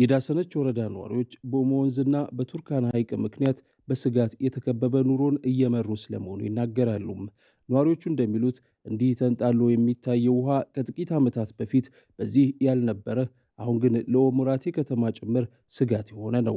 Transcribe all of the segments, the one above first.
የዳሰነች ወረዳ ነዋሪዎች በኦሞ ወንዝና በቱርካና ሐይቅ ምክንያት በስጋት የተከበበ ኑሮን እየመሩ ስለመሆኑ ይናገራሉ። ነዋሪዎቹ እንደሚሉት እንዲህ ተንጣሎ የሚታየው ውሃ ከጥቂት ዓመታት በፊት በዚህ ያልነበረ፣ አሁን ግን ለኦሙራቴ ከተማ ጭምር ስጋት የሆነ ነው።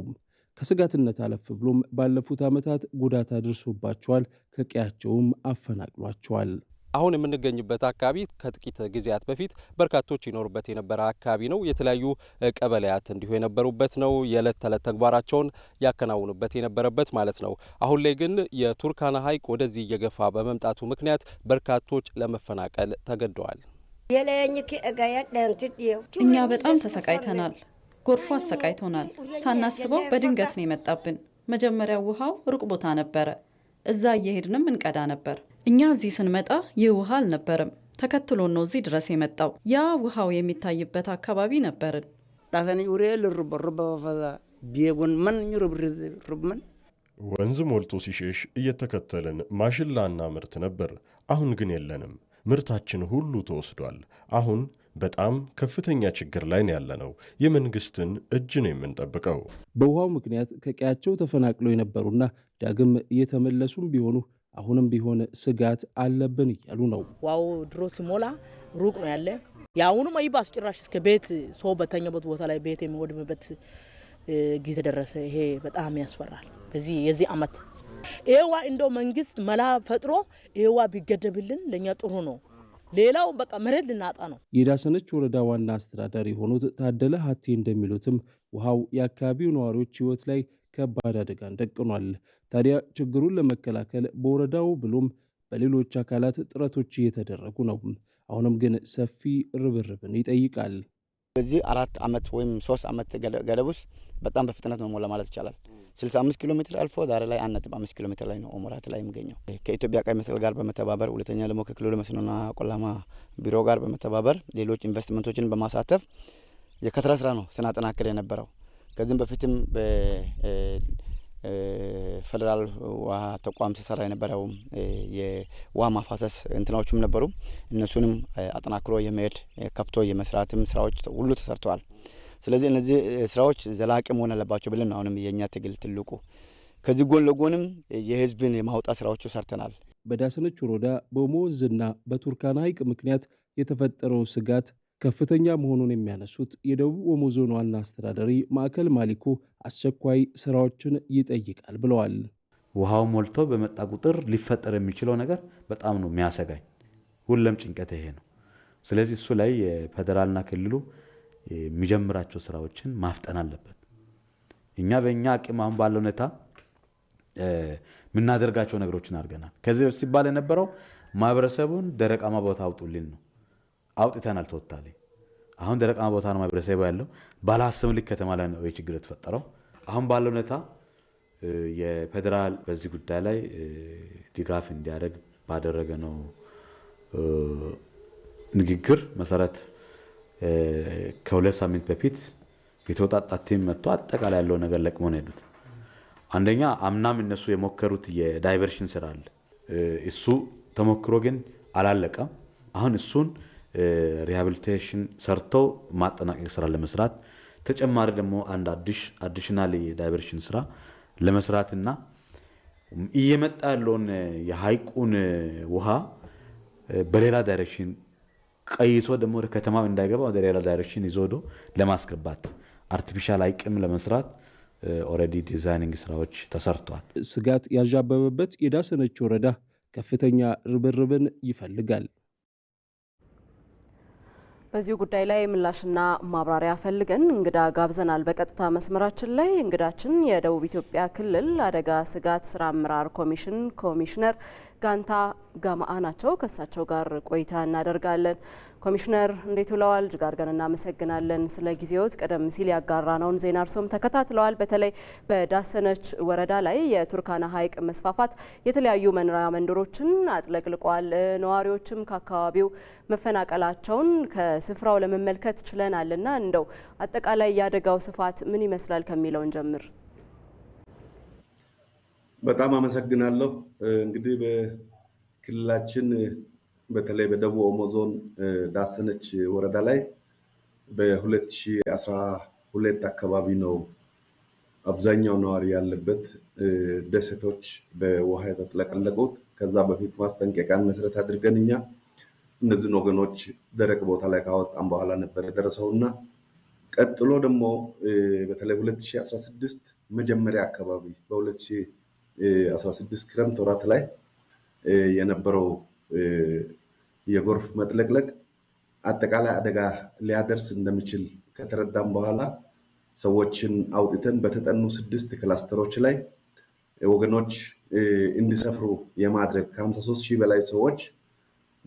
ከስጋትነት አለፍ ብሎም ባለፉት ዓመታት ጉዳት አድርሶባቸዋል፣ ከቀያቸውም አፈናቅሏቸዋል። አሁን የምንገኝበት አካባቢ ከጥቂት ጊዜያት በፊት በርካቶች ይኖሩበት የነበረ አካባቢ ነው። የተለያዩ ቀበሌያት እንዲሁ የነበሩበት ነው። የዕለት ተዕለት ተግባራቸውን ያከናውኑበት የነበረበት ማለት ነው። አሁን ላይ ግን የቱርካና ሐይቅ ወደዚህ እየገፋ በመምጣቱ ምክንያት በርካቶች ለመፈናቀል ተገደዋል። እኛ በጣም ተሰቃይተናል። ጎርፎ አሰቃይቶናል። ሳናስበው በድንገት ነው የመጣብን። መጀመሪያ ውሃው ሩቅ ቦታ ነበረ። እዛ እየሄድንም እንቀዳ ነበር። እኛ እዚህ ስንመጣ ይህ ውሃ አልነበረም። ተከትሎ ነው እዚህ ድረስ የመጣው። ያ ውሃው የሚታይበት አካባቢ ነበርን። ወንዝ ሞልቶ ሲሸሽ እየተከተልን ማሽላና ምርት ነበር። አሁን ግን የለንም። ምርታችን ሁሉ ተወስዷል። አሁን በጣም ከፍተኛ ችግር ላይ ነው ያለነው። የመንግስትን እጅ ነው የምንጠብቀው። በውሃው ምክንያት ከቀያቸው ተፈናቅለው የነበሩና ዳግም እየተመለሱም ቢሆኑ አሁንም ቢሆን ስጋት አለብን እያሉ ነው። ዋው ድሮ ሲሞላ ሩቅ ነው ያለ የአሁኑም አይባስ ጭራሽ እስከ ቤት ሰው በተኛበት ቦታ ላይ ቤት የሚወድምበት ጊዜ ደረሰ። ይሄ በጣም ያስፈራል። በዚህ የዚህ አመት ይሄዋ እንደው መንግስት መላ ፈጥሮ ይሄዋ ቢገደብልን ለእኛ ጥሩ ነው። ሌላው በቃ መሬት ልናጣ ነው። የዳሰነች ወረዳ ዋና አስተዳዳሪ የሆኑት ታደለ ሀቴ እንደሚሉትም ውሃው የአካባቢው ነዋሪዎች ህይወት ላይ ከባድ አደጋን ደቅኗል። ታዲያ ችግሩን ለመከላከል በወረዳው ብሎም በሌሎች አካላት ጥረቶች እየተደረጉ ነው። አሁንም ግን ሰፊ ርብርብን ይጠይቃል። በዚህ አራት ዓመት ወይም ሶስት ዓመት ገደብ ውስጥ በጣም በፍጥነት ነው ሞላ ማለት ይቻላል። 65 ኪሎ ሜትር አልፎ ዛሬ ላይ 1.5 ኪሎ ሜትር ላይ ነው ኦሞራት ላይ የሚገኘው። ከኢትዮጵያ ቀይ መስቀል ጋር በመተባበር ሁለተኛ ደግሞ ከክልሉ መስኖና ቆላማ ቢሮ ጋር በመተባበር ሌሎች ኢንቨስትመንቶችን በማሳተፍ የከተራ ስራ ነው ስናጠናክር የነበረው። ከዚህም በፊትም በፌዴራል ውሃ ተቋም ሲሰራ የነበረው የውሃ ማፋሰስ እንትናዎችም ነበሩ። እነሱንም አጠናክሮ የመሄድ ከፍቶ የመስራትም ስራዎች ሁሉ ተሰርተዋል። ስለዚህ እነዚህ ስራዎች ዘላቂ መሆን አለባቸው ብለን አሁንም የእኛ ትግል ትልቁ ከዚህ ጎን ለጎንም የህዝብን የማውጣት ስራዎቹ ሰርተናል። በዳሰነች ወረዳ በሞዝና ወንዝና በቱርካና ሐይቅ ምክንያት የተፈጠረው ስጋት ከፍተኛ መሆኑን የሚያነሱት የደቡብ ኦሞ ዞን ዋና አስተዳዳሪ ማዕከል ማሊኮ አስቸኳይ ስራዎችን ይጠይቃል ብለዋል። ውሃው ሞልቶ በመጣ ቁጥር ሊፈጠር የሚችለው ነገር በጣም ነው የሚያሰጋኝ። ሁለም ጭንቀት ይሄ ነው። ስለዚህ እሱ ላይ የፌዴራልና ክልሉ የሚጀምራቸው ስራዎችን ማፍጠን አለበት። እኛ በእኛ አቅም አሁን ባለው ሁኔታ የምናደርጋቸው ነገሮችን አድርገናል። ከዚህ በፊት ሲባል የነበረው ማህበረሰቡን ደረቃማ ቦታ አውጡልን ነው። አውጥተናል። ቶታሊ አሁን ደረቃማ ቦታ ነው ማህበረሰቡ ያለው። ባላስብ ልክ ከተማ ላይ ነው ችግር የተፈጠረው። አሁን ባለው ሁኔታ የፌዴራል በዚህ ጉዳይ ላይ ድጋፍ እንዲያደርግ ባደረገ ነው ንግግር መሰረት ከሁለት ሳምንት በፊት የተወጣጣ ቲም መጥቶ አጠቃላይ ያለው ነገር ለቅሞ ነው ሄዱት። አንደኛ አምናም እነሱ የሞከሩት የዳይቨርሽን ስራ አለ። እሱ ተሞክሮ ግን አላለቀም። አሁን እሱን ሪሃብሊቴሽን ሰርተው ማጠናቀቅ ስራ ለመስራት ተጨማሪ ደግሞ አንድ አዲሽናል ዳይቨርሽን ስራ ለመስራትና እየመጣ ያለውን የሀይቁን ውሃ በሌላ ዳይሬክሽን ቀይቶ ደግሞ ወደ ከተማ እንዳይገባ ወደ ሌላ ዳይሬክሽን ይዞ ዶ ለማስገባት አርቲፊሻል ሀይቅም ለመስራት ኦልሬዲ ዲዛይኒንግ ስራዎች ተሰርተዋል። ስጋት ያዣበበበት የዳሰነች ወረዳ ከፍተኛ ርብርብን ይፈልጋል። በዚሁ ጉዳይ ላይ ምላሽና ማብራሪያ ፈልገን እንግዳ ጋብዘናል። በቀጥታ መስመራችን ላይ እንግዳችን የደቡብ ኢትዮጵያ ክልል አደጋ ስጋት ስራ አመራር ኮሚሽን ኮሚሽነር ጋንታ ጋማአ ናቸው። ከእሳቸው ጋር ቆይታ እናደርጋለን። ኮሚሽነር እንዴት ውለዋል? እጅጋር ገን እናመሰግናለን ስለ ጊዜዎት። ቀደም ሲል ነውን ዜና እርሶም ተከታትለዋል። በተለይ በዳሰነች ወረዳ ላይ የቱርካና ሐይቅ መስፋፋት የተለያዩ መኖሪያ መንደሮችን አጥለቅልቋል። ነዋሪዎችም ከአካባቢው መፈናቀላቸውን ከስፍራው ለመመልከት ችለናልና እንደው አጠቃላይ የአደጋው ስፋት ምን ይመስላል ከሚለውን ጀምር በጣም አመሰግናለሁ። እንግዲህ በክልላችን በተለይ በደቡብ ኦሞ ዞን ዳሰነች ወረዳ ላይ በ2012 አካባቢ ነው አብዛኛው ነዋሪ ያለበት ደሴቶች በውሃ የተጥለቀለቁት። ከዛ በፊት ማስጠንቀቂያን መሰረት አድርገን እኛ እነዚህን ወገኖች ደረቅ ቦታ ላይ ካወጣን በኋላ ነበር የደረሰው እና ቀጥሎ ደግሞ በተለይ 2016 መጀመሪያ አካባቢ በ 16 ክረምት ወራት ላይ የነበረው የጎርፍ መጥለቅለቅ አጠቃላይ አደጋ ሊያደርስ እንደሚችል ከተረዳም በኋላ ሰዎችን አውጥተን በተጠኑ ስድስት ክላስተሮች ላይ ወገኖች እንዲሰፍሩ የማድረግ ከ53 ሺህ በላይ ሰዎች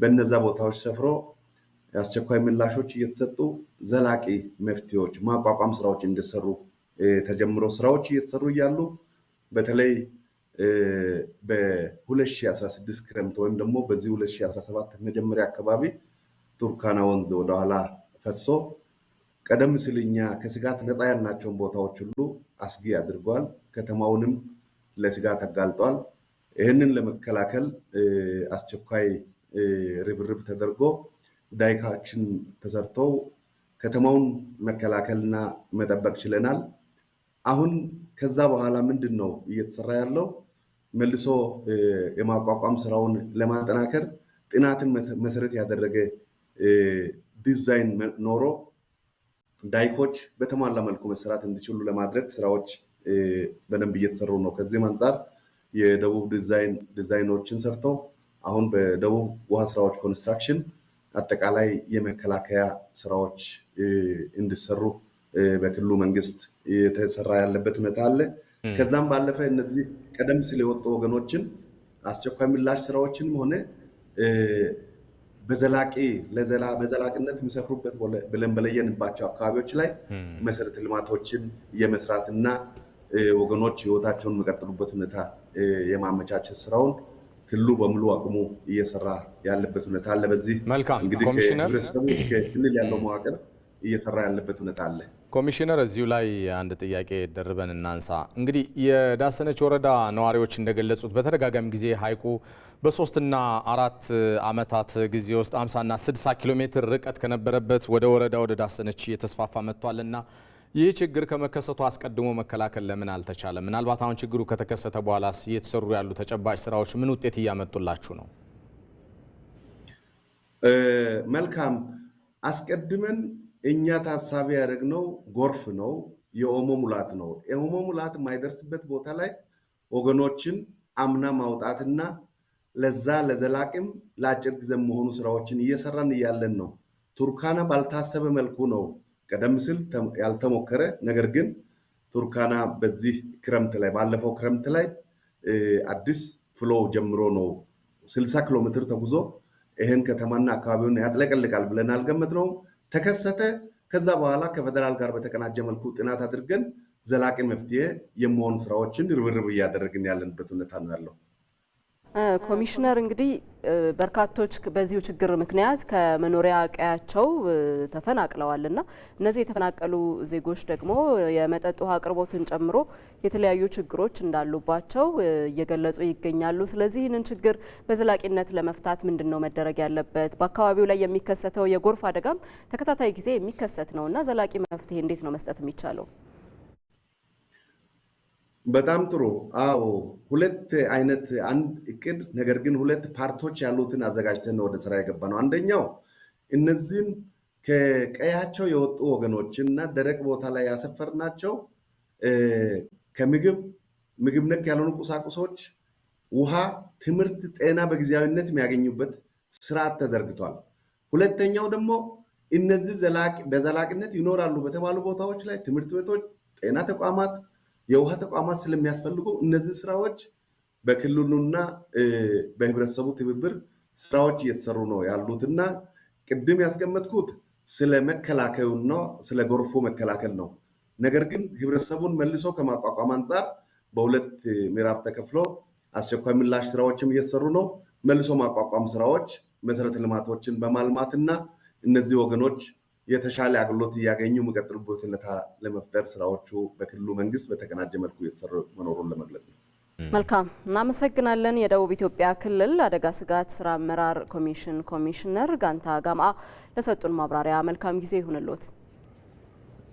በነዛ ቦታዎች ሰፍሮ አስቸኳይ ምላሾች እየተሰጡ ዘላቂ መፍትሄዎች ማቋቋም ስራዎች እንዲሰሩ ተጀምሮ ስራዎች እየተሰሩ እያሉ በተለይ በ2016 ክረምት ወይም ደግሞ በዚህ 2017 መጀመሪያ አካባቢ ቱርካና ወንዝ ወደኋላ ፈሶ ቀደም ሲል እኛ ከስጋት ነፃ ያልናቸውን ቦታዎች ሁሉ አስጊ አድርጓል። ከተማውንም ለስጋት አጋልጧል። ይህንን ለመከላከል አስቸኳይ ርብርብ ተደርጎ ዳይካችን ተሰርተው ከተማውን መከላከልና መጠበቅ ችለናል። አሁን ከዛ በኋላ ምንድን ነው እየተሰራ ያለው? መልሶ የማቋቋም ስራውን ለማጠናከር ጥናትን መሰረት ያደረገ ዲዛይን ኖሮ ዳይኮች በተሟላ መልኩ መሰራት እንዲችሉ ለማድረግ ስራዎች በደንብ እየተሰሩ ነው። ከዚህም አንጻር የደቡብ ዲዛይን ዲዛይኖችን ሰርቶ አሁን በደቡብ ውሃ ስራዎች ኮንስትራክሽን አጠቃላይ የመከላከያ ስራዎች እንዲሰሩ በክልሉ መንግስት የተሰራ ያለበት ሁኔታ አለ። ከዛም ባለፈ እነዚህ ቀደም ሲል የወጡ ወገኖችን አስቸኳይ ምላሽ ስራዎችንም ሆነ በዘላቂ በዘላቂነት የሚሰፍሩበት ብለን በለየንባቸው አካባቢዎች ላይ መሰረተ ልማቶችን የመስራት እና ወገኖች ህይወታቸውን የሚቀጥሉበት ሁኔታ የማመቻቸት ስራውን ክልሉ በሙሉ አቅሙ እየሰራ ያለበት ሁኔታ አለ። በዚህ እንግዲህ ከህብረተሰቡ እስከ ክልል ያለው መዋቅር እየሰራ ያለበት ሁኔታ አለ። ኮሚሽነር፣ እዚሁ ላይ አንድ ጥያቄ ደርበን እናንሳ። እንግዲህ የዳሰነች ወረዳ ነዋሪዎች እንደገለጹት በተደጋጋሚ ጊዜ ሀይቁ በሶስትና አራት ዓመታት ጊዜ ውስጥ 50ና 60 ኪሎ ሜትር ርቀት ከነበረበት ወደ ወረዳ ወደ ዳሰነች እየተስፋፋ እና ይህ ችግር ከመከሰቱ አስቀድሞ መከላከል ለምን አልተቻለም? ምናልባት አሁን ችግሩ ከተከሰተ በኋላ እየተሰሩ ያሉ ተጨባጭ ስራዎች ምን ውጤት እያመጡላችሁ ነው? መልካም አስቀድመን እኛ ታሳቢ ያደረግነው ጎርፍ ነው፣ የኦሞ ሙላት ነው። የኦሞ ሙላት የማይደርስበት ቦታ ላይ ወገኖችን አምና ማውጣትና ለዛ ለዘላቂም ለአጭር ጊዜ መሆኑ ስራዎችን እየሰራን እያለን ነው። ቱርካና ባልታሰበ መልኩ ነው ቀደም ሲል ያልተሞከረ ነገር ግን ቱርካና በዚህ ክረምት ላይ ባለፈው ክረምት ላይ አዲስ ፍሎ ጀምሮ ነው 60 ኪሎ ሜትር ተጉዞ ይህን ከተማና አካባቢውን ያጥለቀልቃል ብለን አልገመት ነው። ተከሰተ። ከዛ በኋላ ከፌደራል ጋር በተቀናጀ መልኩ ጥናት አድርገን ዘላቂ መፍትሄ የመሆን ስራዎችን ርብርብ እያደረግን ያለንበት ሁኔታ ነው ያለው። ኮሚሽነር እንግዲህ በርካቶች በዚሁ ችግር ምክንያት ከመኖሪያ ቀያቸው ተፈናቅለዋል እና እነዚህ የተፈናቀሉ ዜጎች ደግሞ የመጠጥ ውሃ አቅርቦትን ጨምሮ የተለያዩ ችግሮች እንዳሉባቸው እየገለጹ ይገኛሉ። ስለዚህ ይህንን ችግር በዘላቂነት ለመፍታት ምንድን ነው መደረግ ያለበት? በአካባቢው ላይ የሚከሰተው የጎርፍ አደጋም ተከታታይ ጊዜ የሚከሰት ነው እና ዘላቂ መፍትሄ እንዴት ነው መስጠት የሚቻለው? በጣም ጥሩ። አዎ ሁለት አይነት አንድ እቅድ ነገር ግን ሁለት ፓርቶች ያሉትን አዘጋጅተን ወደ ስራ የገባ ነው። አንደኛው እነዚህን ከቀያቸው የወጡ ወገኖችን እና ደረቅ ቦታ ላይ ያሰፈርናቸው ከምግብ ምግብ ነክ ያልሆኑ ቁሳቁሶች፣ ውሃ፣ ትምህርት፣ ጤና በጊዜያዊነት የሚያገኙበት ስርዓት ተዘርግቷል። ሁለተኛው ደግሞ እነዚህ በዘላቂነት ይኖራሉ በተባሉ ቦታዎች ላይ ትምህርት ቤቶች፣ ጤና ተቋማት የውሃ ተቋማት ስለሚያስፈልጉ እነዚህ ስራዎች በክልሉና በህብረተሰቡ ትብብር ስራዎች እየተሰሩ ነው ያሉትና ቅድም ያስቀመጥኩት ስለ ነው፣ ስለ ጎርፉ መከላከል ነው። ነገር ግን ህብረተሰቡን መልሶ ከማቋቋም አንጻር በሁለት ምዕራፍ ተከፍሎ አስቸኳይ ምላሽ ስራዎችም እየተሰሩ ነው። መልሶ ማቋቋም ስራዎች መሰረተ ልማቶችን በማልማትና እነዚህ ወገኖች የተሻለ አገልግሎት እያገኙ የሚቀጥሉበት ሁኔታ ለመፍጠር ስራዎቹ በክልሉ መንግስት በተቀናጀ መልኩ የተሰሩ መኖሩን ለመግለጽ ነው። መልካም እናመሰግናለን። የደቡብ ኢትዮጵያ ክልል አደጋ ስጋት ስራ አመራር ኮሚሽን ኮሚሽነር ጋንታ ጋማ ለሰጡን ማብራሪያ መልካም ጊዜ ይሁንልዎት።